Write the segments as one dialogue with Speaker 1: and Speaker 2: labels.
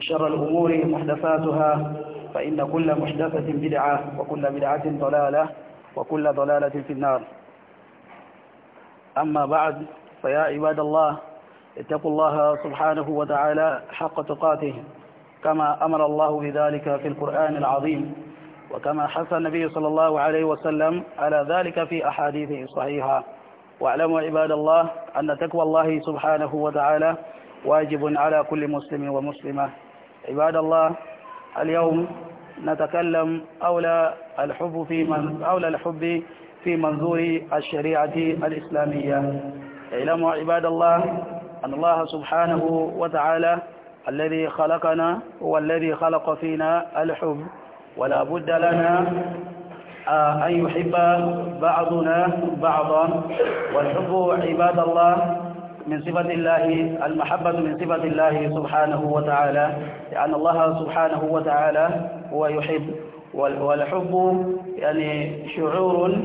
Speaker 1: وشر الأمور محدثاتها فإن كل محدثة بدعة وكل بدعة ضلالة وكل ضلالة في النار أما بعد فيا عباد الله اتقوا الله سبحانه وتعالى حق تقاته كما أمر الله بذلك في القرآن العظيم وكما حث النبي صلى الله عليه وسلم على ذلك في أحاديثه الصحيحة واعلموا عباد الله أن تقوى الله سبحانه وتعالى واجب على كل مسلم ومسلمة عباد الله اليوم نتكلم أولى الحب في من أولى الحب في منظور الشريعة الإسلامية اعلموا عباد الله أن الله سبحانه وتعالى الذي خلقنا هو الذي خلق فينا الحب ولا بد لنا آه، أن يحب بعضنا بعضا والحب عباد الله من صفة الله المحبة من صفة الله سبحانه وتعالى لأن الله سبحانه وتعالى هو يحب والحب يعني شعور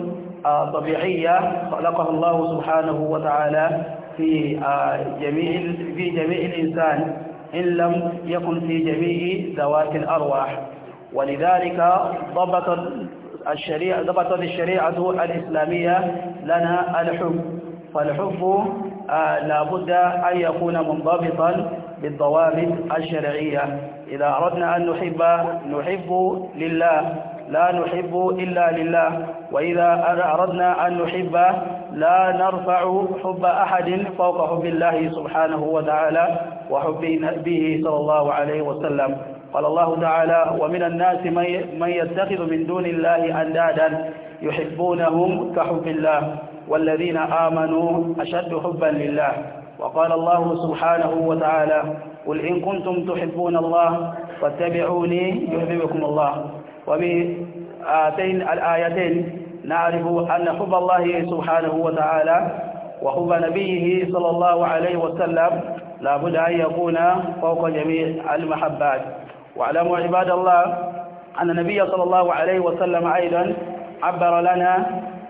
Speaker 1: آه، طبيعية خلقه الله سبحانه وتعالى في آه، جميع في جميع الإنسان إن لم يكن في جميع ذوات الأرواح ولذلك ضبطت الشريعة ضبطت الشريعة الإسلامية لنا الحب فالحب آه، لا بد أن يكون منضبطا بالضوابط الشرعية إذا أردنا أن نحب نحب لله لا نحب إلا لله وإذا أردنا أن نحب لا نرفع حب أحد فوق حب الله سبحانه وتعالى وحب نبيه صلى الله عليه وسلم قال الله تعالى ومن الناس من يتخذ من دون الله أندادا يحبونهم كحب الله والذين آمنوا أشد حبا لله وقال الله سبحانه وتعالى قل إن كنتم تحبون الله فاتبعوني يحببكم الله وبآتين الآيتين نعرف أن حب الله سبحانه وتعالى وحب نبيه صلى الله عليه وسلم لا بد أن يكون فوق جميع المحبات واعلموا عباد الله أن النبي صلى الله عليه وسلم أيضا عبر لنا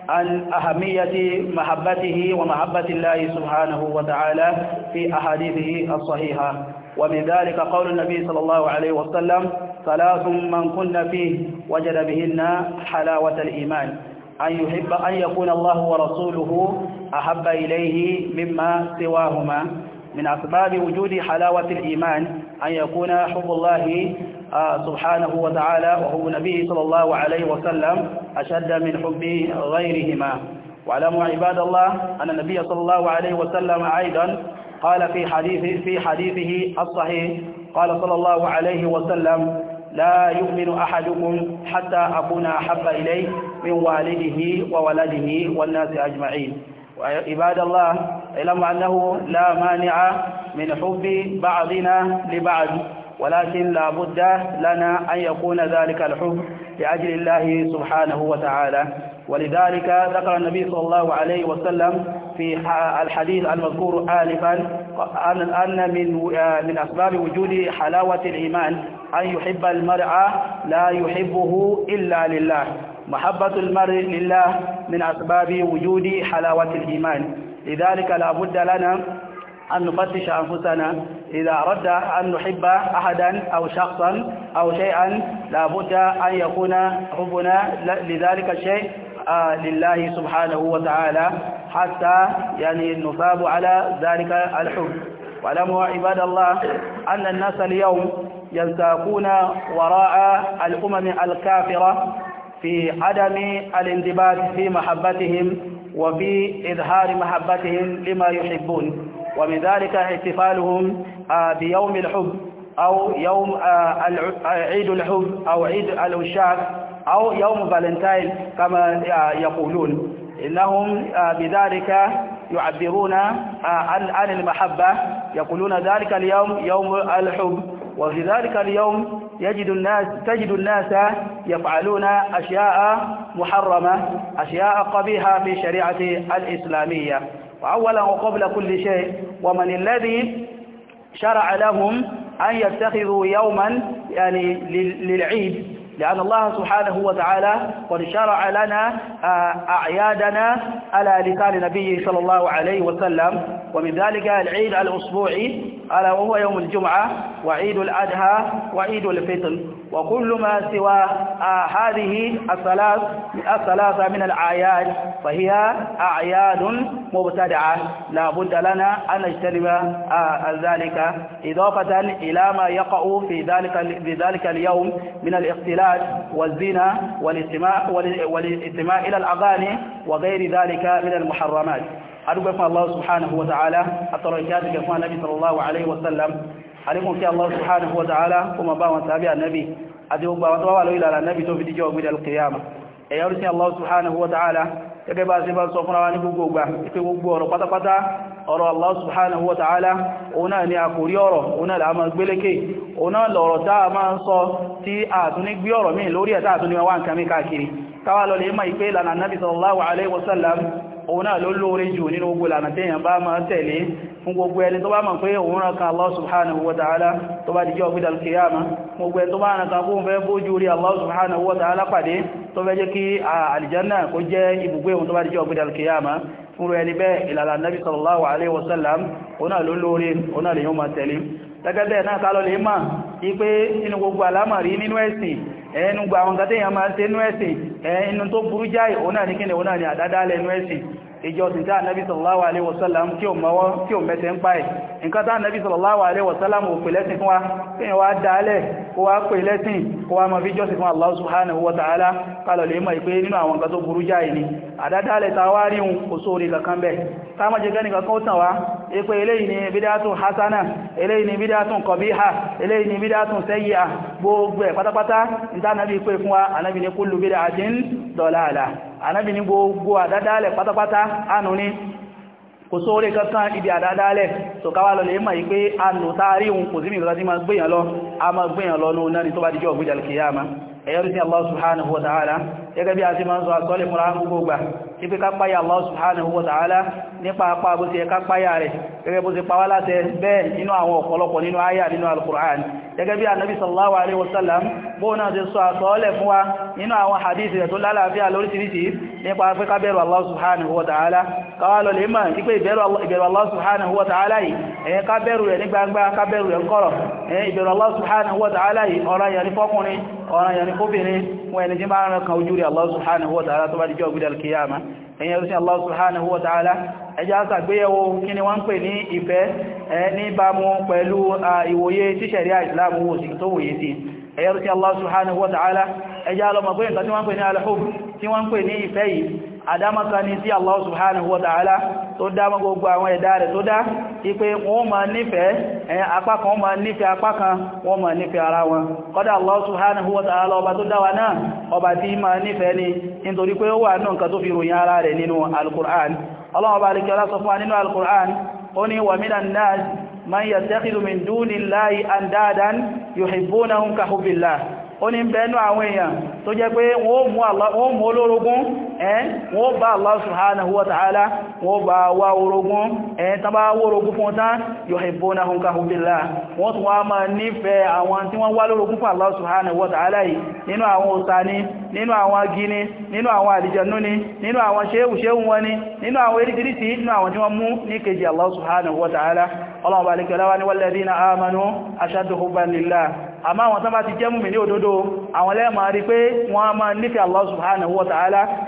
Speaker 1: عن أهمية محبته ومحبة الله سبحانه وتعالى في أحاديثه الصحيحة ومن ذلك قول النبي صلى الله عليه وسلم ثلاث من كن فيه وجد بهن حلاوة الإيمان أن يحب أن يكون الله ورسوله أحب إليه مما سواهما من أسباب وجود حلاوة الإيمان أن يكون حب الله آه، سبحانه وتعالى وهو نبيه صلى الله عليه وسلم أشد من حب غيرهما واعلموا عباد الله أن النبي صلى الله عليه وسلم أيضا قال في حديث في حديثه الصحيح قال صلى الله عليه وسلم لا يؤمن أحدكم حتى أكون أحب إليه من والده وولده والناس أجمعين وعباد الله علم أنه لا مانع من حب بعضنا لبعض ولكن لا بد لنا أن يكون ذلك الحب لأجل الله سبحانه وتعالى ولذلك ذكر النبي صلى الله عليه وسلم في الحديث المذكور آلفا أن من آه، من أسباب وجود حلاوة الإيمان أن يحب المرء لا يحبه إلا لله محبة المرء لله من أسباب وجود حلاوة الإيمان لذلك لا بد لنا أن نفتش أنفسنا إذا أردنا أن نحب أحدا أو شخصا أو شيئا لابد أن يكون حبنا لذلك الشيء آه، لله سبحانه وتعالى حتى يعني نثاب على ذلك الحب واعلموا عباد الله أن الناس اليوم ينساقون وراء الأمم الكافرة في عدم الانضباط في محبتهم وفي إظهار محبتهم لما يحبون ومن ذلك احتفالهم آه، بيوم الحب أو يوم آه، آه، عيد الحب أو عيد العشاق أو يوم فالنتاين كما يقولون إنهم بذلك يعبرون عن المحبة يقولون ذلك اليوم يوم الحب وفي ذلك اليوم يجد الناس تجد الناس يفعلون أشياء محرمة أشياء قبيحة في شريعة الإسلامية أولا وقبل كل شيء ومن الذي شرع لهم أن يتخذوا يوما يعني للعيد لأن الله سبحانه وتعالى قد شرع لنا آه، أعيادنا على لسان نبيه صلى الله عليه وسلم ومن ذلك العيد الأسبوعي ألا وهو يوم الجمعة وعيد الأدهى وعيد الفطر وكل ما سوى آه، هذه الثلاث الثلاثة من الأعياد فهي أعياد مبتدعة لا بد لنا أن نجتنب آه، ذلك إضافة إلى ما يقع في ذلك في ذلك اليوم من الاختلاس والزنا والاستماع والاستماع إلى الأغاني وغير ذلك من المحرمات أدعو الله سبحانه وتعالى أتركاتك كما النبي صلى الله عليه وسلم àríkùn الله سبحانه وتعالى كما ta'ala kuma النبي wọn الله سبحانه وتعالى gbogbo àwọn tó wà lórí lára annabi tó gẹ́gẹ́ bá ṣe bá sọ fún àwọn ní gbogbo ìgbà ìpé gbogbo ọ̀rọ̀ pátápátá ọ̀rọ̀ Allah subhanahu wa ta'ala òun náà ni àkórí ọ̀rọ̀ òun náà láàmà gbélékè òun náà lọ̀rọ̀ táà máa ń sọ tí àtúní gbé ọ̀rọ̀ míì lórí ẹ̀ táàtúní wá nǹkan mi káàkiri táwà lọ lè mọ̀ òun náà ló lóore jù nínú gbogbo lànà tí èyàn bá máa tẹ̀lé fún gbogbo ẹni tó bá mọ̀ pé òun ràn kan Allah subhanahu wa ta'ala tó bá dìjọ́ gbídà kìyàmá gbogbo ẹni tó bá ràn kan fún fẹ́ bójú rí Allah subhanahu wa ta'ala pàdé tó fẹ́ jẹ́ kí àlìjánà kó jẹ́ ibùgbé òun ẹnu gba àwọn nǹkan tí èèyàn máa ń ṣe nú ẹ̀sìn ẹnu tó burú jáì òun ní kíni òun náà ní àdádálẹ̀ ẹ̀sìn ìjọsìn tá nàbí sallallahu alaihi wasallam kí o mọ́wọ́ kí o mẹ́sẹ̀ ń páẹ̀ nǹkan tá nàbí sallallahu alaihi wasallam ò pè lẹ́sìn fún wa kí yẹn wá dálẹ̀ kó wá pè lẹ́sìn kó wá mọ́ fi jọsìn fún Allah subhanahu wa ta'ala kálọ̀ lè mọ̀ ìpé nínú àwọn nǹkan tó burú jáì ni àdádálẹ̀ ta wá rí un kò sóòrì kankan bẹ̀ ká má jẹ́ gẹ́nìkan kan ó tàn wá ipe eléyìí ni bídátún hasana eléyìí ni bídátún kọbíhà eléyìí ni bídátún sẹ́yìá gbogbo anábì ní gbogbo àdádálẹ̀ pátápátá ánú ní kò sóòrè kankan ibi àdádálẹ̀ tó káwà lọ lè mọ̀ yí pé ánú táàrí òun kò sí mi ìrọ̀lá tí ma gbéyàn lọ a ma gbéyàn lọ ní onáni tó bá dijọ́ ògbéjà kìyàmá Allah subhanahu wa ta'ala gẹ́gẹ́ bí a ti máa ń sọ àgbọ́lẹ̀ múra gbogbo gbà tí pé kápáyà Allah subhanahu wa ta'ala nípa apá bó ti kápáyà rẹ̀ gẹ́gẹ́ bó ti pàwà láti bẹ́ẹ̀ nínú àwọn ọ̀pọ̀lọpọ̀ nínú àyà nínú al-Qur'an gẹ́gẹ́ bí Ànábì sallallahu alaihi wasallam bó náà ti sọ àsọ́ọ́lẹ̀ fún wa nínú àwọn hadith rẹ̀ tó lálàáfíà lóríṣìíríṣìí nípa pé ká bẹ̀rù Allah subhanahu wa ta'ala káwà lọ lè mọ̀ wípé ìbẹ̀rù Allah subhanahu wa ta'ala tó bá dijọ́ gbídà alkiyama ẹ̀yìn ẹ̀rùsí Allah subhanahu wa ta'ala ẹjá sàgbéyẹ̀wò kí ni wọ́n ń pè ní ìfẹ́ níbàmú pẹ̀lú ìwòye tí ṣẹ̀ríà ìsìláàmù wò sí tó wòye sí ẹ̀yẹ̀rùsí Allah subhanahu wa ta'ala ẹjá lọ mọ̀ pé nǹkan tí wọ́n ń pè ní alhub tí wọ́n ń pè ní ìfẹ́ yìí àdámọ́ta ni tí Allah subhanahu wa ta'ala tó dámọ́ gbogbo àwọn ẹ̀dá rẹ̀ tó dá ipé wọ́n ma nífẹ̀ẹ́ ẹ̀yàn apákan wọ́n ma nífẹ̀ẹ́ apákan wọ́n ma nífẹ̀ẹ́ ara wọn kọ́dá Allah subhanahu wa ta'ala ọba tó dáwà náà ọba tí ma nífẹ̀ẹ́ ni nítorí pé ó wà náà nǹkan tó fi ròyìn ara rẹ̀ ó ní bẹnu àwọn èèyàn tó jẹ́ pé wọ́n mú olórogún ẹ́n wọ́n bá Allah subhanahu wa ta'ala wọ́n bá wá orogún ẹ́n tán bá wórogún fún tán yuhibbunahum ka hubbillah wọ́n tún wá máa nífẹ̀ẹ́ àwọn tí wọ́n wá lórogún fún Allah subhanahu wa ta'ala yìí nínú àwọn òta ni nínú àwọn agini nínú àwọn àlìjànú àmá àwọn tán bá ti jẹ́ múmi ní òdodo àwọn lẹ́ẹ̀mà rí pé wọ́n a máa nífẹ̀ẹ́ Allah subhanahu wa ta'ala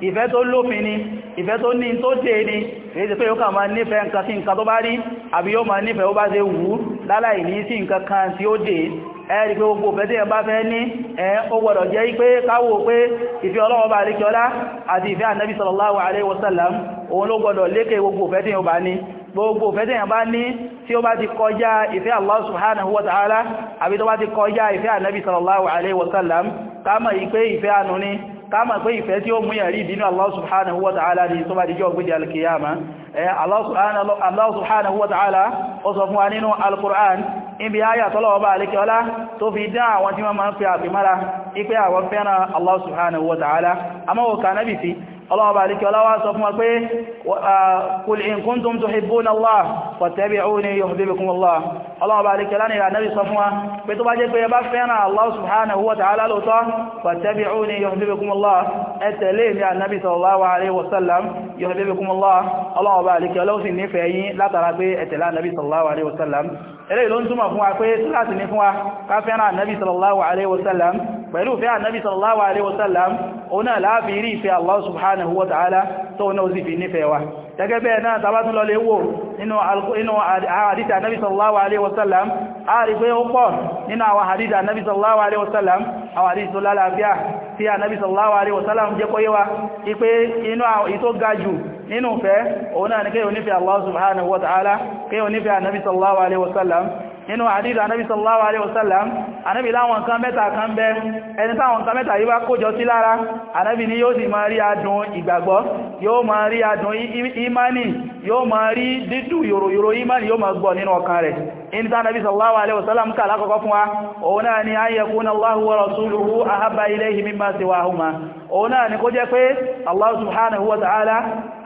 Speaker 1: ìfẹ́ tó lófin ni ìfẹ́ tó ní tó dé ni èyí pé yóò kà máa nífẹ́ nǹkan sí nǹkan tó bá rí àbí yóò máa nífẹ́ ó bá ṣe wù láláì ní sí nǹkan kan tí ó dé ẹ̀rí pé gbogbo òfẹ́ tí ẹ bá fẹ́ ní ẹ̀ ó gbọ́dọ̀ jẹ́ pé káwò pé ìfẹ́ Ọlọ́run bá lékẹ́ ọlá àti ìfẹ́ ìfẹ́ Allah káàmà pé ìfẹ́ tí ó mú yàrí ìbínú Allah subhanahu wa ta'ala ní tó bá dìjọ́ gbé alkiyama Allah subhanahu wa ta'ala ó sọ fún wa nínú al-Qur'an ibi ayà tọ́lọ̀wọ́ bá alikiola tó fi الله بارك الله سوف مقبي قل إن كنتم تحبون الله فاتبعوني يحببكم الله الله بارك لنا يا نبي صفوة بتباجك يبفنا الله سبحانه وتعالى لطا فاتبعوني يحببكم الله التليم يا النبي صلى الله عليه وسلم يحببكم الله الله بارك لو سنين فيه لا ترى اتلا النبي صلى الله عليه وسلم eléyìí ló ń túnmọ̀ fún wa pé láti ní fún wa ká fẹ́ràn ànábì sallallahu alaihi wasallam pẹ̀lú fẹ́ ànábì sallallahu alaihi wasallam òun náà láàbí rí ìfẹ́ Allah subhanahu subhanahu wa ta'ala tó náà sì fi nífẹ̀ẹ́ wa gẹ́gẹ́ bẹ́ẹ̀ náà tàbátún lọ lè wò nínú àdíta anábi sallallahu alaihi wasallam a rí pé ó pọ̀ nínú àwọn àdíta anábi sallallahu alaihi wasallam àwọn àdíta tó lálàáfíà tí anábi sallallahu alaihi jẹ́ kó yé ipé inú ìtó gajù nínú fẹ́ òun náà ni kéyò nínú àdídà anábì sallallahu alaihi wasallam anábì láwọn nǹkan mẹ́ta kan bẹ ẹni táwọn nǹkan mẹ́ta yíwá kójọ sí lára anábì ni yóò sì máa rí adùn ìgbàgbọ́ yóò máa rí adùn imani yóò máa rí dídùn yòròyòrò imani yóò máa gbọ́ nínú ọkàn rẹ̀ in ta nabi sallallahu alaihi wasallam ka alakọ̀kọ́ fún wa òun náà ni an yakuna Allahu wa rasuluhu ahabba ilayhi mimma siwahuma òun náà ni kó jẹ́ pé Allah subhanahu wa ta'ala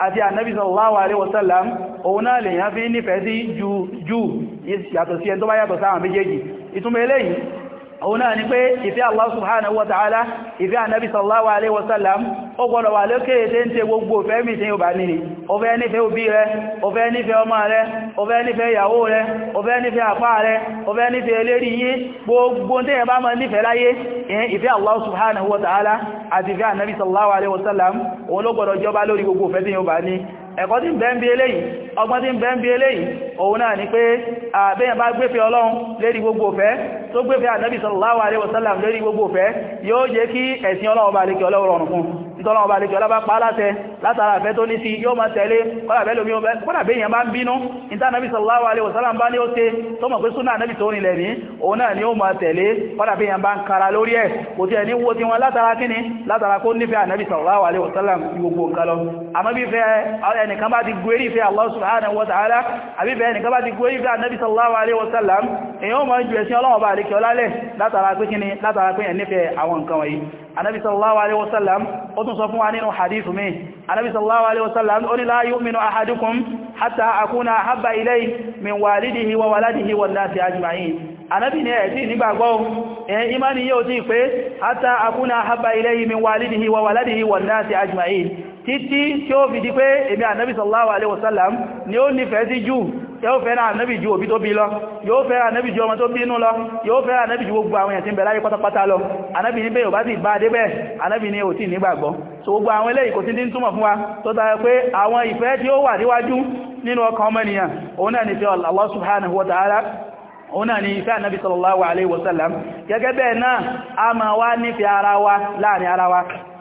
Speaker 1: àti annabi sallallahu alaihi wasallam òun náà lè fi nífẹ̀ẹ́ sí ju yàtọ̀ sí ẹn tó bá yàtọ̀ sáwọn méjèèjì ìtumọ̀ eléyìí òun náà ni pé ìfẹ́ Allah subhanahu wa ta'ala ìfẹ́ ànábì sallallahu alaihi wasallam ó gbọ́dọ̀ wà lókèrè tí ń tẹ gbogbo ìfẹ́ mi tí ó bá nìrí ó fẹ́ nífẹ́ òbí rẹ ó fẹ́ nífẹ́ ọmọ rẹ ó fẹ́ nífẹ́ ìyàwó rẹ ó fẹ́ nífẹ́ àfá rẹ ó fẹ́ nífẹ́ eléri yí gbogbo tí ẹ bá mọ́ nífẹ́ láyé ìfẹ́ Allah subhanahu àti ìfẹ́ ànábì sallallahu alaihi òun ló gbọ́dọ̀ jọba lórí gbogbo ìfẹ́ tí ó bá ní ẹ̀kọ́ tí ń bẹ ń bí eléyìí ọgbọ́n tí ń bẹ ń bí eléyìí òun náà ni pé àbẹ́yàn bá gbéfẹ́ ọlọ́run lérí gbogbo ọ̀fẹ́ tó gbéfẹ́ ànábì sallallahu alaihi lérí gbogbo ọ̀fẹ́ yóò jẹ́ kí ẹ̀sìn ọlọ́run bá lè kí ọlọ́run rọrùn fún ìtọ́lọ́wọ́ bá lẹ́jọ́ lábá pa aláṣẹ látara àfẹ́ tó ní sí yóò máa tẹ̀lé kọ́dàbẹ́ lómi kọ́dàbẹ́ èèyàn bá ń bínú ìta nàbí sallallahu alaihi wasallam bá ní ó ṣe tó mọ̀ pé súnà nàbí tó rìnlẹ̀ ní òun náà ni ó máa tẹ̀lé kọ́dàbẹ́ èèyàn bá ń kara lórí ẹ̀ kò tí ẹni wo ti wọn látara kíni látara kó anábi sallallahu alaihi wasallam ó tún sọ fún wa nínú hadithu mi anábi sallallahu alaihi wasallam ó ní la yu'minu ahadukum hatta akuna habba ilayhi min walidihi wa waladihi wan nasi ajma'in anábi ni ẹ̀tí nígbàgbọ́ ẹ̀yìn imani yóò ti pé hatta akuna habba ilayhi min walidihi wa waladihi wan nasi ajma'in títí tí ó fi di pé èmi anábi sallallahu ni ó nífẹ̀ẹ́ sí jù yóò fẹ́ràn ànábì ju òbí tó bí lọ yóò fẹ́ràn ànábì ju ọmọ tó bínú lọ yóò fẹ́ràn ànábì ju gbogbo àwọn èèyàn tí ń bẹ láyé pátápátá lọ ànábì ní bẹ́ẹ̀ ò bá sì bá débẹ̀ ànábì ní ò tí nígbàgbọ́ so gbogbo àwọn eléyìí kò sí ní túmọ̀ fún wa tó tayọ pé àwọn ìfẹ́ tí ó wà níwájú nínú ọkàn ọmọnìyàn òun náà ni fi Allah subhanahu wa ta'ala òun náà ni ìfẹ́ sallallahu alaihi wasallam gẹ́gẹ́ bẹ́ẹ̀ náà a máa wá nífẹ̀ẹ́ ara wa ara wa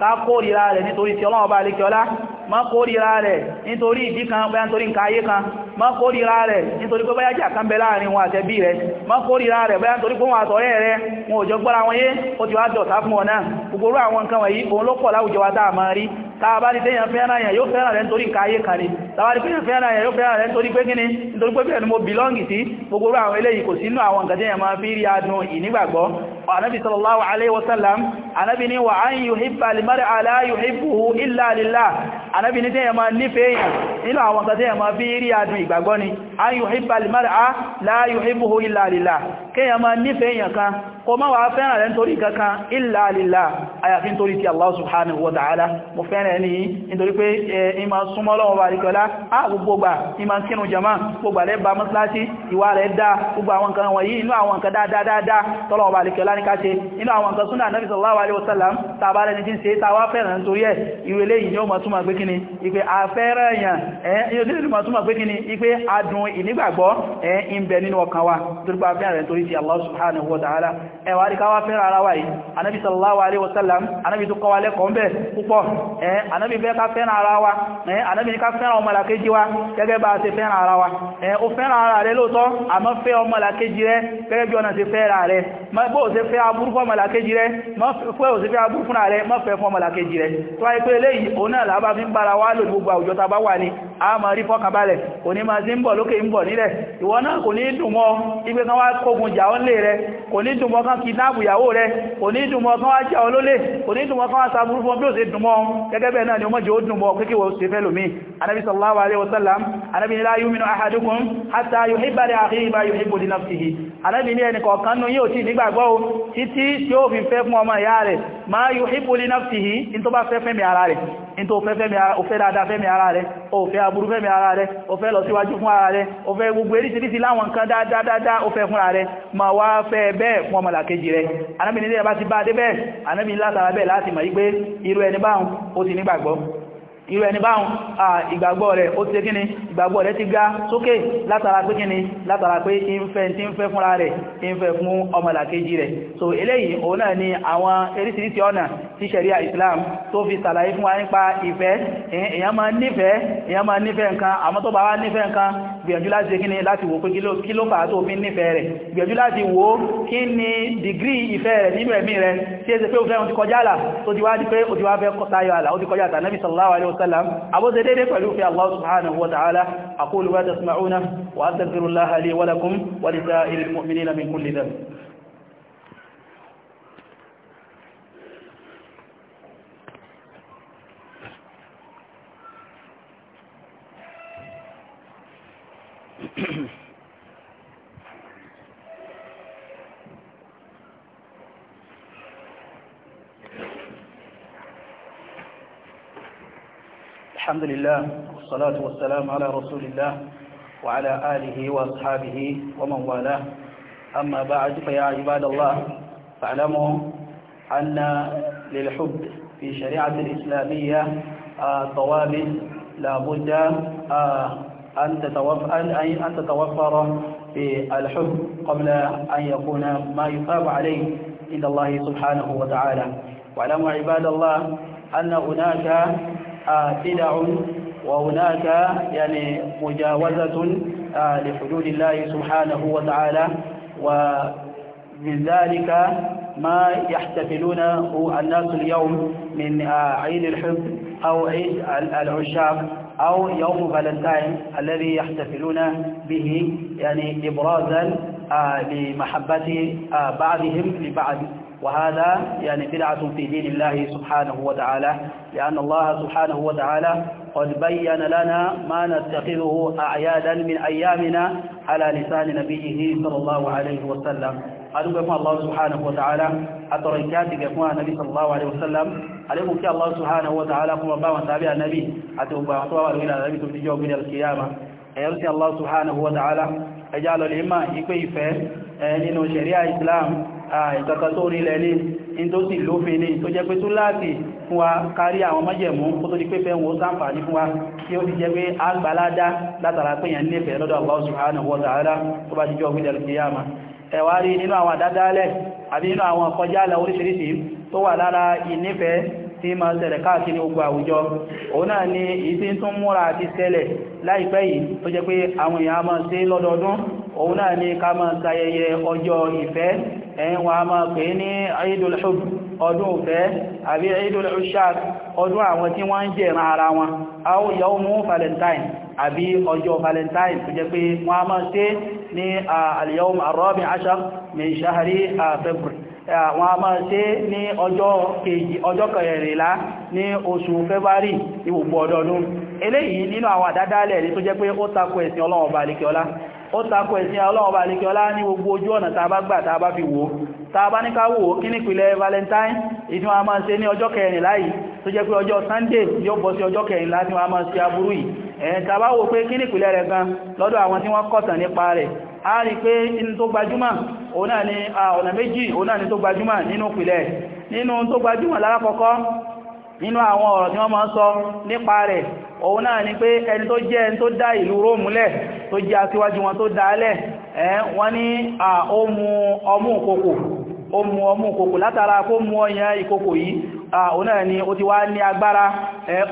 Speaker 1: ká kórìíra rẹ̀ nítorí tí ọlọ́wọ́ bá lékiọlá má kórìíra rẹ̀ nítorí ìdí kan bóyá nítorí nǹkan ayé kan má kórìíra rẹ̀ nítorí pé bóyá jà kan bẹ láàrin wọn àtẹbí rẹ̀ má kórìíra rẹ̀ bóyá nítorí pé wọn àtọ̀rẹ́ rẹ̀ wọn ò jọ gbọ́ra wọn yé ó ti wá dọ̀tá fún ọ náà gbogbo àwọn nǹkan wọ̀nyí òun ló pọ̀ láwùjọ wa tá máa rí tàbárí tẹ́yàn fẹ́ràn yẹn yóò fẹ́ràn rẹ̀ nítorí nǹkan ayé kan ni tàbárí tẹ́yàn fẹ́ràn yẹn yóò fẹ́ràn rẹ̀ nítorí pé kíni nítorí pé bẹ́ẹ̀ ni mo bìlọ́ǹgì sí gbogbo àwọn eléyìí kò sínú àwọn nǹkan tẹ́yàn máa fi rí adùn ìnígbàgbọ́ anábi sallallahu alaihi wasallam anábi ni wa an yuhibba limar ala yuhibbuhu illa lillah anábi ni tẹ́yẹ ma nífẹ̀ẹ́yàn nínú àwọn kan tí ẹ ma fi rí adùn ìgbàgbọ́ ni an yuhibba al-mar'a la yuhibbuhu illa lillah kéèyàn ma nífẹ̀ẹ́ èèyàn kan kó má wà fẹ́ràn rẹ̀ nítorí kankan illa lillah àyàfi nítorí ti Allah subhanahu wa ta'ala mo fẹ́ràn ẹni nítorí pé ìmá súnmọ́ lọ́wọ́ baríkọlá á gbogbo gbà ìmá kínú jama gbogbo alẹ́ bá mọ́síláṣí ìwà rẹ̀ dá gbogbo àwọn nǹkan wọ̀nyí inú àwọn nǹkan dáadáa tọ́lọ̀wọ́ baríkọlá ní káṣe inú àwọn nǹkan súnà Nabi sallallahu alaihi wasallam tàbá rẹ̀ ní tí ń ṣe tàwá fẹ́ràn nítorí ẹ̀ kíni ìpé àfẹ́ràn èèyàn ẹ̀yìn tí ìlú mọ̀túnmọ̀ pé kí ni ipé adùn ìnígbàgbọ́ ẹ̀yìn bẹ nínú ọkàn wa torípa fẹ́ rẹ̀ wa ta'ala ẹwà rí káwà fẹ́ ara wáyìí anábi alaihi wasallam anábi tó kọwa lẹ́kọ̀ọ́ bẹ̀ púpọ̀ anábi fẹ́ ká fẹ́ ara wa anábi ní ká fẹ́ ọmọlàkejì wa gẹ́gẹ́ bá ṣe fẹ́ ara wa o fẹ́ ara rẹ lóòtọ́ àmọ́ fẹ́ ọmọlàkejì rẹ gẹ́gẹ́ bí ọ̀nà ṣe fẹ́ ara rẹ bó ṣe fẹ́ aburú fún ọmọlàkejì rẹ mọ́ fẹ́ aburú a máa rí fọ́kàbalẹ̀ kò ní máa sí ń bọ̀ lókè ń bọ̀ nílẹ̀ ìwọ náà kò ní dùnmọ́ ibi kan wá kógun jà ọ́n lè rẹ kò ní dùnmọ́ kan kìdnáàbù ìyàwó rẹ kò ní dùnmọ́ kan wá jà olólè kò ní dùnmọ́ kan wá sa burúkú bí ó ṣe dùnmọ́ gẹ́gẹ́ bẹ́ẹ̀ náà ni ọmọ jẹ́ dùnmọ́ kékèwọ́ ṣe fẹ́ lòmíì anabi sallallahu alaihi wasallam anabi la yu'minu ahadukum hatta yuhibba li akhihi ma yuhibbu li nafsihi anabi ni ẹni kọ̀ọ̀kan nu yóò ti nígbàgbọ́ o títí tí ó fi fẹ́ fún ọmọ ìyá rẹ̀ ma yuhibbu li nafsihi in tó bá fẹ́ fẹ́ mi ara rẹ̀ in tó fẹ́ fẹ́ mi o fẹ́ dáadáa fẹ́ mi ara rẹ̀ o fẹ́ aburú fẹ́ mi ara rẹ̀ o fẹ́ lọ síwájú fún ara rẹ̀ o fẹ́ gbogbo eríṣiríṣi láwọn nǹkan dáadáa o fẹ́ fúnra rẹ̀ ma wá fẹ́ bẹ́ẹ̀ fún ọmọ làkejì rẹ̀ anabi nílé ẹ bá ti bá dé bẹ́ẹ̀ anabi látara bẹ́ẹ̀ láti mọ̀ yí pé irú ẹni báhùn ó ti nígbàgbọ́ irú ẹni báhùn ìgbàgbọ́ rẹ̀ ó ti ṣe kíni ìgbàgbọ́ rẹ̀ ti ga sókè látara pé kíni látara pé ìfẹ́ tí ń fẹ́ fúnra rẹ̀ ìfẹ́ fún ọmọlàkejì rẹ̀ so eléyìí òun náà ni àwọn eríṣiríṣi ọ̀nà tí ṣẹ̀ríà Islam tó fi sàlàyé fún wa nípa ìfẹ́ èèyàn máa nífẹ̀ẹ́ èèyàn máa nífẹ̀ẹ́ nǹkan àmọ́ tó bá wá nífẹ̀ẹ́ nǹkan gbìyànjú láti ṣe kíni láti wò pé kí ló fà ni dìgírì ìfẹ́ rẹ̀ nínú ẹ̀mí rẹ̀ tí ó ṣe pé ó fẹ́ ó ti kọjá وسلم أبو زيدين يفعلوا في الله سبحانه وتعالى أقول ما تسمعون وأستغفر الله لي ولكم ولسائر المؤمنين من كل ذنب Mm-hmm. الحمد لله والصلاة والسلام على رسول الله وعلى آله وأصحابه ومن والاه أما بعد فيا عباد الله فاعلموا أن للحب في شريعة الإسلامية ضوابط آه، لا بد آه، أن تتوفر في الحب قبل أن يكون ما يثاب عليه عند الله سبحانه وتعالى واعلموا عباد الله أن هناك بدع وهناك يعني مجاوزة آه، لحدود الله سبحانه وتعالى ومن ذلك ما يحتفلونه الناس اليوم من آه، عيد الحب أو عيد العشاق أو يوم فالنتاين الذي يحتفلون به يعني إبرازا آه، لمحبة بعضهم لبعض وهذا يعني بدعة في دين الله سبحانه وتعالى لأن الله سبحانه وتعالى قد بين لنا ما نتخذه أعيادا من أيامنا على لسان نبيه صلى الله عليه وسلم قالوا بكم الله سبحانه وتعالى أتركات بكم النبي صلى الله عليه وسلم عليكم في الله سبحانه وتعالى قم أبا وتابع النبي أتوا بأطوار إلى النبي في جوم من القيامة أيرسي الله سبحانه وتعالى أجعل الإمام يكفي فيه لأنه شريع الإسلام ìkàkà tó rí lẹ́lé in tó sì lófin ní tó jẹ́ pé tó láti fún wa kárí àwọn májẹ̀mú kó tó di pé fẹ́ wo sáǹfàní fún wa tí ó fi jẹ́ pé agbáládá látara pé yẹn nífẹ̀ẹ́ lọ́dọ̀ Allah subhanahu wa ta'ala tó bá jíjọ́ gbídẹ̀ kìyàmá ẹ̀wárí ni ìdí tún múra àti ṣẹlẹ̀ láìpẹ́ yìí tó jẹ́ pé àwọn èèyàn a ni ká máa ṣayẹyẹ ọjọ́ ẹ̀yìn wọn a máa pè ní Eidul Hubb ọdún ìfẹ́ àbí Eidul Ushaq ọdún àwọn tí wọ́n ń jẹ̀ran ara wọn aw yawmu Valentine àbí ọjọ́ Valentine tó jẹ́ pé wọ́n a máa ṣe ní al-yawm ar-rabi' ashar min shahri February wọ́n a máa ṣe ní ọjọ́ kejì ọjọ́ kẹrìnlá ó takò ẹ̀sìn ọlọ́wọ́ bá lékẹ́ ọlá ní gbogbo ojú ọ̀nà tàà bá gbà tàà bá fi wò tàà ní ká kí ní ìpìlẹ̀ valentine ìtí wọ́n máa ń ṣe ní ọjọ́ kẹrìnlá yìí tó jẹ́ pé ọjọ́ sunday yóò bọ́ sí ọjọ́ kẹrìnlá tí wọ́n máa ń ṣe aburú yìí ẹ̀yìn tàà bá wò pé kí ní ìpìlẹ̀ rẹ̀ gan lọ́dọ̀ àwọn tí wọ́n kọ̀tàn nípa rẹ̀ a rí pé inú tó gbajúmọ̀ ọ̀nà méjì ọ̀nà tó nínú àwọn ọ̀rọ̀ tí wọ́n máa ń sọ nípa rẹ̀ òun náà ni pé ẹni tó jẹ́ ẹni tó dá ìlú rómúlẹ̀ tó jẹ́ aṣíwájú wọn tó dálẹ̀ ẹ̀ wọ́n ní ó mu ọmú ìkòkò ó mu ọmú ìkòkò látara kó mu ọyàn ìkòkò yìí òun náà ni ó ti wá ní agbára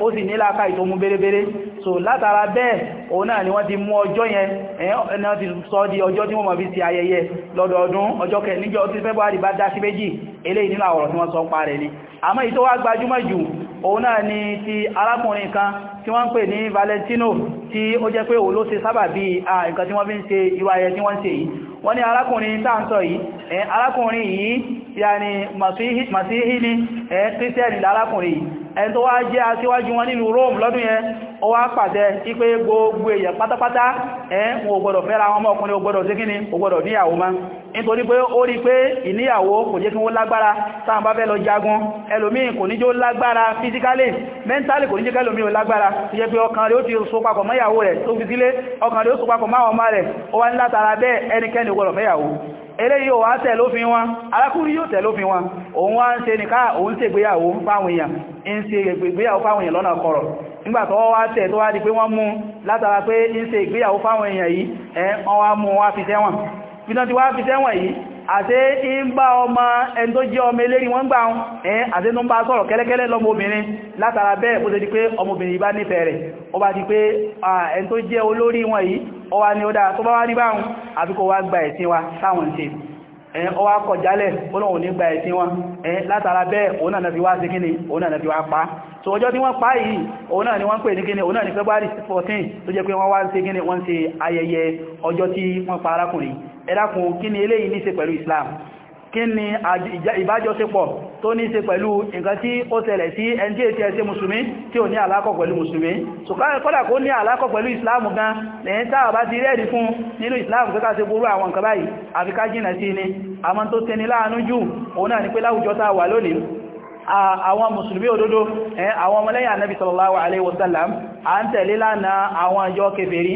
Speaker 1: ó sì nílàkà ìtòmú bérébéré so látara bẹ́ẹ̀ òun náà ni wọ́n ti mú ọjọ́ yẹn ẹ̀yàn ti sọ di ọjọ́ tí wọ́n mọ̀ fi ti ayẹyẹ lọ́dọọdún ọjọ́ kẹ níjọ́ tí february bá dá sí méjì eléyìí nínú àwọ̀rọ̀ tí wọ́n ni àmọ́ èyí tó wá gbajúmọ̀ jù ni Valentino tí ó jẹ́ pé òun ló ṣe sábàbí nǹkan tí wọ́n fi ń ṣe irú ayẹyẹ tí wọ́n ń ṣe yìí wọ́n ní arákùnrin tàǹtọ̀ yìí ni kírísẹ́nì lárákùnrin ẹni tó wá jẹ́ aṣíwájú wọn nínú Rome lọ́dún yẹn ó wá pàtẹ ipé gbogbo èèyàn pátápátá ẹn wọn ò gbọdọ̀ fẹ́ra wọn ọmọkùnrin ò gbọdọ̀ sí kíni ò gbọdọ̀ níyàwó má nítorí pé ó rí pé ìníyàwó kò jẹ́ kí wọ́n lágbára táwọn bá fẹ́ lọ jagun ẹlòmíì kò ní jẹ́ ó lágbára fisikálì mẹ́ntálì kò ní jẹ́ kẹlòmíì ó lágbára tó jẹ́ pé ọkàn rẹ̀ ó ti so papọ̀ mọ́yàwó rẹ̀ tó fi sílé ọkàn rẹ̀ ó so papọ̀ máwọn ọmọ rẹ̀ ó wá ní látara bẹ́ẹ̀ ẹnikẹ́ni ò gbọdọ̀ eléyìí ò wá tẹ̀ lófin wọn arákùnrin yóò tẹ̀ lófin wọn òun wá ń ṣe nìká òun ṣe ìgbéyàwó fáwọn èèyàn ń ṣe ìgbéyàwó fáwọn èèyàn lọ́nà kọ̀rọ̀ nígbàtí wọ́n wá tẹ̀ tó wá di pé wọ́n mú látara pé ń ṣe ìgbéyàwó fáwọn èèyàn yìí ẹ wọ́n wá mú wá fi sẹ́wọ̀n bí wọ́n ti wá fi sẹ́wọ̀n yìí àti ń bá ọmọ ẹni tó ó wá ní ó dáa tó bá wá rí báhùn àfikò wá gba ẹ̀sìn wa táwọn ṣe ẹ̀yìn ọwá kọ̀ jálẹ̀ olóhun ní gba ẹ̀sìn wọn ẹ̀yìn látara bẹ́ẹ̀ òun náà fi wá sí kíni òun náà fi wá pa so ọjọ́ tí wọ́n pa yìí òun náà ni wọ́n pè ní kíni òun náà ni February 14 tó jẹ́ pé wọ́n wá sí kíni wọ́n ṣe ayẹyẹ ọjọ́ tí wọ́n pa arákùnrin ẹ kíni eléyìí ní ṣe pẹ̀lú Islam kí ni ìbájọsípọ̀ tó ní ṣe pẹ̀lú nǹkan tí ó tẹ̀lẹ̀ sí ẹni tí ètí ẹsẹ musulmi tí ò ní àlákọ̀ pẹ̀lú musulmi so kó ní àlákọ̀ pẹ̀lú islamu gan lẹ́yìn táà bá ti rẹ́ẹ̀rí fún nínú islamu kọ́kà sí burú àwọn nǹkan báyìí àfi ká jìnà sí ni àmọ́ tó tẹni láàánú jù òun náà ni pé láwùjọ tá a wà lónìí àwọn musulmi òdodo àwọn ọmọlẹ́yìn anabi sallallahu à ń tẹ̀lé lánàá àwọn àjọ kèfèrí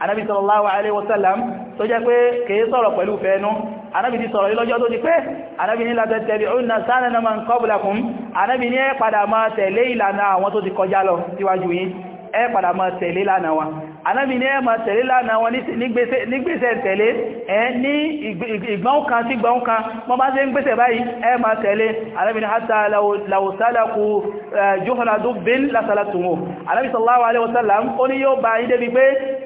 Speaker 1: anábì sallallahu alaihi wasallam tó jẹ́ pé kìí sọ̀rọ̀ pẹ̀lú fẹ́ẹ̀nú anábì ti sọ̀rọ̀ ilọ́jọ́ tó ti pé anábì ní látẹ̀tẹ̀bì ọ̀nà sanana man qablakum anábì ní ẹ padà máa tẹ̀lé ìlànà àwọn tó ti kọjá lọ síwájú yín ẹ padà máa tẹ̀lé lánàá wọn anábì ní ẹ máa tẹ̀lé lánàá wọn nígbésẹ̀ tẹ̀lé ẹ ní ìgbọ́n kan sí gbọ́n kan wọ́n bá ṣe ń gbésẹ̀ báyìí ẹ máa tẹ̀lé anábì ní hatta law salaku eh, juhra dubbin la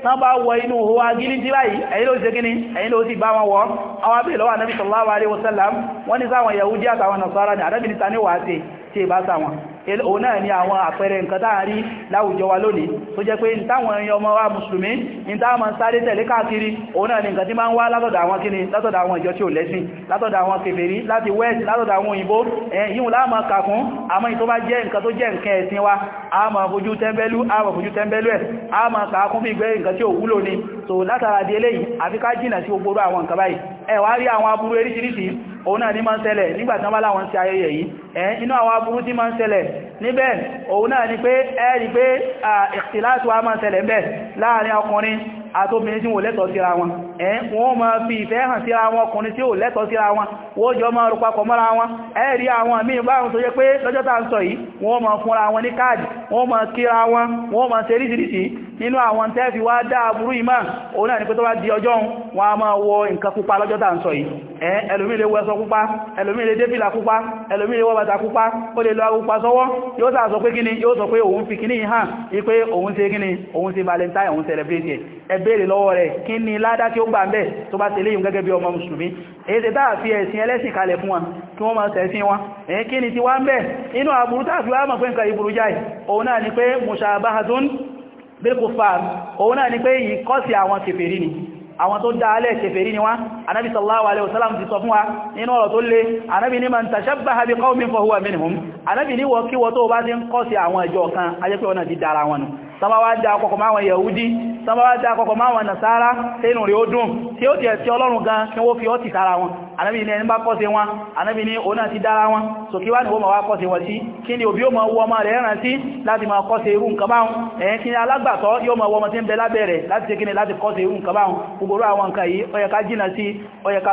Speaker 1: tán bá wọ inú òhòwà gílí tí báyìí ẹ̀yìn ló ṣe gíní ẹ̀yìn ló sì bá wọn wọ́ àwọn abẹ́ lọ́wọ́ anábì sallallahu alaihi wasallam wọ́n ní sáwọn Yahudi àtàwọn Nasara ní adábìnita ní wàá ṣe tí ì bá sáwọn òun náà ni àwọn àpẹẹrẹ nǹkan táà rí láwùjọ wa lónìí tó jẹ́ pé ní táwọn ẹ̀yàn ọmọ wa mùsùlùmí ní táà máa sáré tẹ̀lé káàkiri òun náà ni nǹkan tí máa ń wá látọ̀dọ̀ àwọn kíni látọ̀dọ̀ àwọn ìjọ tí ò lẹ́sìn látọ̀dọ̀ àwọn kèfèrí láti west látọ̀dọ̀ àwọn òyìnbó yíò láàmà kàkún àmọ́ ìtó bá jẹ́ nǹkan tó jẹ́ nǹkan ẹ̀sìn wa a máa so látara di eléyìí àfi ká jìnà sí gbogbo àwọn nǹkan báyìí ẹ wá òun náà ní máa ń ṣẹlẹ̀ nígbàtí wọ́n bá láwọn sí ayẹyẹ yìí ẹ̀ inú àwọn aburú tí máa ń ṣẹlẹ̀ níbẹ̀ òun náà ni pé ẹ́ rí pé ìtìláàtù wa máa ń ṣẹlẹ̀ bẹ̀ láàrin ọkùnrin àtóbìnrin tí wọ́n lẹ́tọ̀ọ́ síra wọn ẹ̀ wọ́n máa fi ìfẹ́ hàn síra wọn ọkùnrin tí ó lẹ́tọ̀ọ́ síra wọn wọ́n jọ máa rúpapọ̀ mọ́ra wọn ẹ̀rí àwọn míì báwọn tó jẹ́ pé lọ́jọ́ tá ń sọ yìí wọ́n máa fúnra wọn ní káàdì wọ́n máa kíra wọn wọ́n máa ṣe ríṣiríṣi nínú àwọn tẹ́ẹ̀fì wá dáa burú ìmá òun náà ni pé tó bá di ọjọ́ wọn a máa wọ nǹkan pupa lọ́jọ́ tá ń sọ yìí ẹ̀ ẹlòmí lè wọ ẹsọ pupa ẹlòmí lè débìlà pupa ẹlòmí lè wọ bàtà pupa ó lè lọ pupa sọ́wọ́ yóò sà sọ pé kíni yóò sọ pé valentine òun celebrate ẹ̀ béèrè lọ́wọ́ rẹ̀ kí ni ládá tí ó gbà ń bẹ̀ tó bá tẹ̀lé yìí gẹ́gẹ́ bí ọmọ mùsùlùmí èdè táà fi ẹ̀sìn ẹlẹ́sìn kalẹ̀ fún wọn kí wọ́n máa tẹ̀sìn wọn ẹ̀yìn kí ni ti wá ń bẹ̀ inú àbúrú táà fi wá mọ̀ pé nǹkan ìburú jáì òun náà ni pé mushabahatun bil kuffar òun náà ni pé ìkọ́sí àwọn kèfèrí ni àwọn tó dá alẹ́ kèfèrí ni wá anábi sallallahu alaihi wasallam ti sọ fún wa nínú ọ̀rọ̀ tó lé anábi ní man tashabbaha bi qaumin fahuwa minhum anábi ní wọ́kíwọ́ tó bá ti ń kọ́ sí àwọn ìjọ kan ajẹ́pẹ́ ọ̀nà ti dára wọn tọ́bá wá já ọkọ̀kọ̀ máa wọn Yahudi tọ́bá wá já ọkọ̀kọ̀ máa wọn Nasara tẹ́nu rí ó dùn tí ó tiẹ̀ tí Ọlọ́run gan kí wó fi ọ́ ti sára wọn anábì ní ẹni bá kọ́sẹ̀ wọn anábì ní òun náà ti dára wọn so kí wá ní wọ́n wá kọ́sẹ̀ wọn sí kí ni òbí ó máa wú ọmọ rẹ̀ ràn sí láti máa kọ́sẹ̀ irú nǹkan báhùn ẹ̀yìn kí ni alágbàtọ́ yóò máa wú ọmọ tí ń bẹ lábẹ́ rẹ̀ láti ṣe kí ni láti kọ́sẹ̀ irú nǹkan báhùn gbogbo àwọn nǹkan yìí ó yẹ ká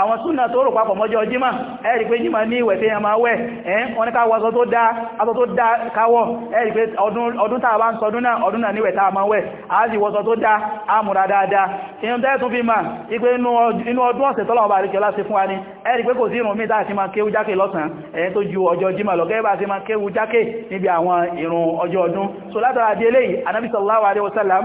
Speaker 1: àwọn súnà tó rò papọ̀ mọ́jọ́ jímà ẹ̀rì pé jímà ní ìwẹ̀ tí a máa wẹ̀ ẹ́n wọ́n ní káwọ́ aṣọ tó dá aṣọ tó dá káwọ́ ẹ̀rì pé ọdún tàà bá ń sọdún náà ọdún náà níwẹ̀ tàà máa wẹ̀ a sì wọ́sọ tó dá àmúra dáadáa inú tẹ́ẹ̀tún fi mà ipé inú ọdún ọ̀sẹ̀ tọ́lọ̀ ọba àríkẹ́ láti fún wa ní ẹ̀rì pé so látara di eléyìí anábì sallallahu alaihi wasallam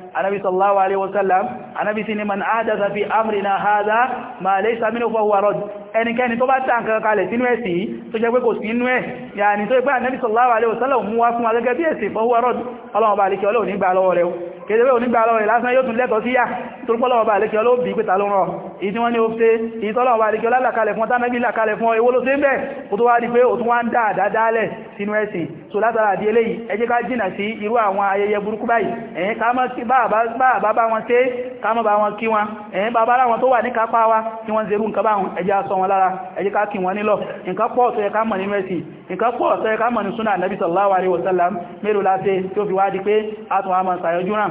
Speaker 1: anabi sallallahu alaihi wasallam anabi sini man adatha fi amrina hadha ma laysa minhu fa huwa rad ẹnikẹ́ni tó bá ta nǹkan kalẹ̀ sínú ẹ̀sìn tó jẹ́ pé kò sí inú ẹ̀ yàní tó jẹ́ pé anabi sallallahu alaihi wasallam mú wá fún wa gẹ́gẹ́ bí fa huwa rad Ọlọ́run bá lè kí Ọlọ́run ní gbà lọ́wọ́ rẹ̀ kèdè pé onígbà lọ́rẹ̀ lásán yóò tún lẹ́tọ̀ sí yà tó pọ́lọ̀ ọba àlékẹ́ olóòbí pẹ́ta ló rán ìtí wọ́n ní ó fẹ́ ìtọ́lọ̀ ọba àlékẹ́ lálàkalẹ̀ fún tánàbí làkalẹ̀ fún ewó ló sí bẹ́ẹ̀ kó tó wá di pé òtún wá ń dáadáa dálẹ̀ sínú ẹ̀sìn so látara àdí eléyìí ẹ jẹ́ ká jìnà sí irú àwọn ayẹyẹ burúkú báyìí ẹ̀yìn ká mọ́ sí báàbá bá wọn ṣe ká mọ́ bá wọn kí wọn ẹ̀yìn bàbá láwọn tó nǹkan pọ̀ tó yẹ ní súnà nàbí sallallahu alaihi wasallam mélòó la ṣe tí ó fi wá di pé a tún wá mọ̀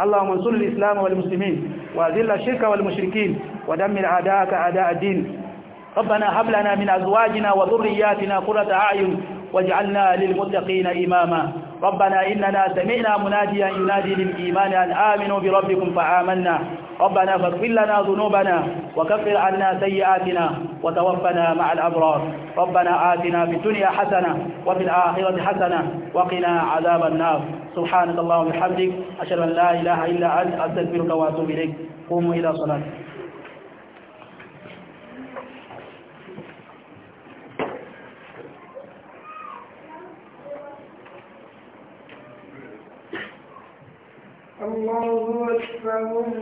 Speaker 1: اللهم انصر الإسلام والمسلمين وأذل الشرك والمشركين ودمر أعداءك أعداء الدين ربنا هب لنا من أزواجنا وذرياتنا قرة أعين واجعلنا للمتقين إماما ربنا إننا سمعنا مناديا ينادي للإيمان أن آمنوا بربكم فآمنا ربنا فاغفر لنا ذنوبنا وكفر عنا سيئاتنا وتوفنا مع الأبرار ربنا آتنا في الدنيا حسنة وفي الآخرة حسنة وقنا عذاب النار سبحانك اللهم وبحمدك أشهد أن لا إله إلا أنت أستغفرك وأتوب إليك قوموا إلى صلاة الله أكبر